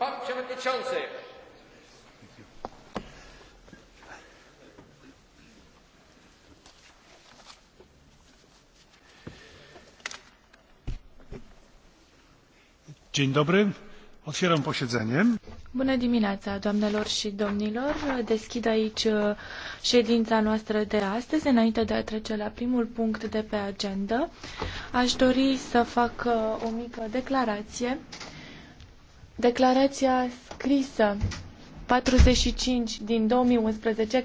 Pan Przewodniczący! Dzień dobry. Otwieram posiedzenie. Bună dimineața, doamnelor și domnilor. Deschid aici uh, ședința noastră de astăzi. Înainte de a trece la primul punct de pe agenda, aș dori să fac uh, o mică declarație declaraia scrisă 45 din 2011